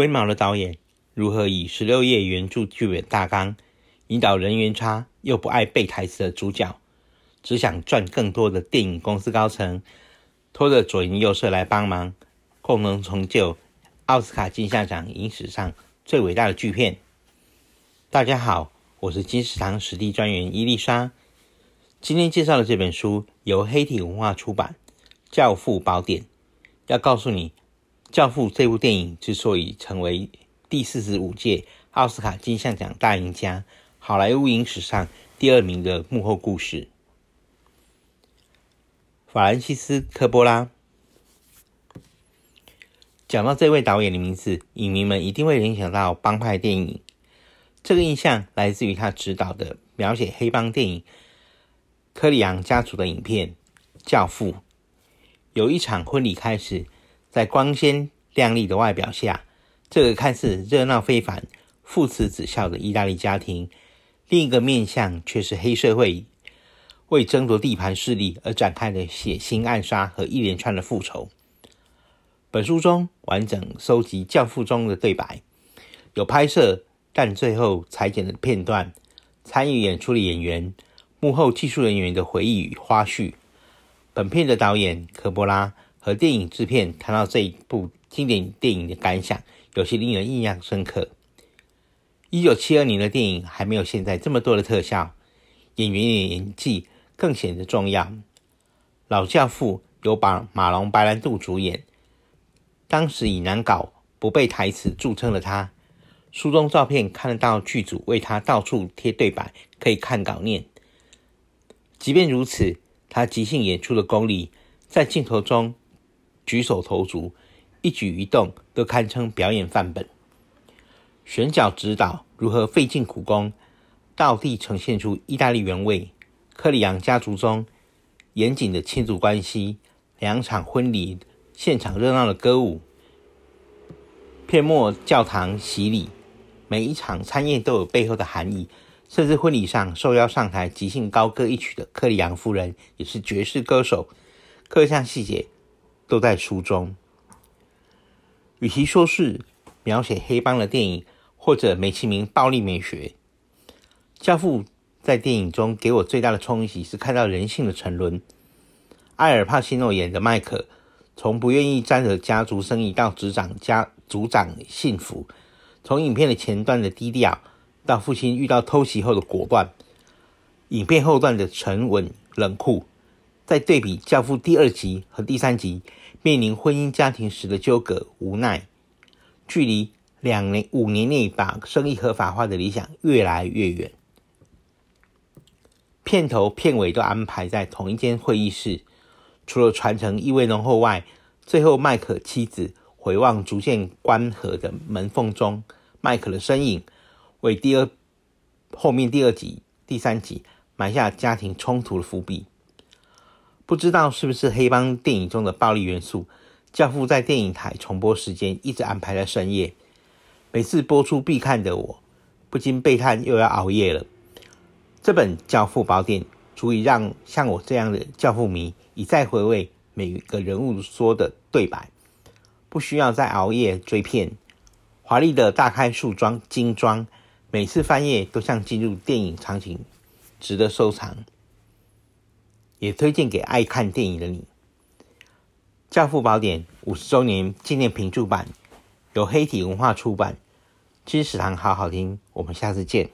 龜毛的導演，如何以十六頁原著劇本大綱引導人緣差又不愛背台詞的主角，只想賺更多的電影公司高層，拖着左鄰右舍來幫忙，共同成就奧斯卡金像獎影史上最偉大的鉅片？大家好，我是金石堂實地專員伊麗莎。今天介紹的這本書由黑體文化出版，《教父寶典》，要告訴你《教父》這部電影之所以成為第四十五屆奧斯卡金像獎大贏家、好萊塢影史上第二名的幕後故事，法蘭西斯·科波拉。講到這位導演的名字，影迷們一定會聯想到幫派電影。這個印象來自於他執導的描寫黑幫電影《科里昂家族》的影片《教父》。有一場婚禮開始。在光鮮亮麗的外表下，這個看似熱鬧非凡、父慈子孝的意大利家庭，另一個面向卻是黑社會為爭奪地盤勢力而展開的血腥暗殺和一連串的復仇。本書中完整收集《教父》中的對白，有拍攝但最後裁剪的片段，參與演出的演員、幕後技術人員的回憶與花絮。本片的導演柯波拉。和電影製片談到這一部經典電影的感想，有些令人印象深刻。一九七二年的電影還沒有現在這麼多的特效，演員的演技更顯得重要。《老教父》由把馬龍白蘭度主演，當時以難搞不背台詞著稱的他，書中照片看得到劇組為他到處貼對白，可以看稿念。即便如此，他即興演出的功力在鏡頭中。舉手投足、一舉一動都堪稱表演範本。選角指導如何費盡苦功，道地呈現出意大利原味。柯里昂家族中嚴謹的親族關係，兩場婚禮現場熱鬧的歌舞，片末教堂洗禮，每一場餐宴都有背後的含義。甚至婚禮上受邀上台即興高歌一曲的柯里昂夫人，也是絕世歌手。各項細節。都在書中。與其說是描寫黑幫的電影，或者美其名暴力美學，《教父》在電影中給我最大的衝擊是看到人性的沉淪。艾爾帕西諾演的麥克，從不願意沾惹家族生意，到執掌家族長幸福，從影片的前段的低調，到父親遇到偷襲後的果斷，影片後段的沉穩冷酷。在對比《教父》第二集和第三集，面臨婚姻家庭時的糾葛、無奈，距離兩年、五年內把生意合法化的理想越來越遠。片頭片尾都安排在同一間會議室，除了傳承意味濃厚外，最後麥可妻子回望逐漸關合的門縫中麥可的身影，為第二後面第二集、第三集埋下家庭衝突的伏筆。不知道是不是黑幫電影中的暴力元素，《教父》在電影台重播時間一直安排在深夜，每次播出必看的我，不禁悲嘆又要熬夜了。這本《教父》寶典足以讓像我這樣的教父迷一再回味每個人物說的對白，不需要再熬夜追片。華麗的大開書裝精裝，每次翻頁都像進入電影場景，值得收藏。也推薦給愛看電影的你，《教父》寶典五十週年紀念評註版，由黑體文化出版。金石堂好好聽，我們下次見。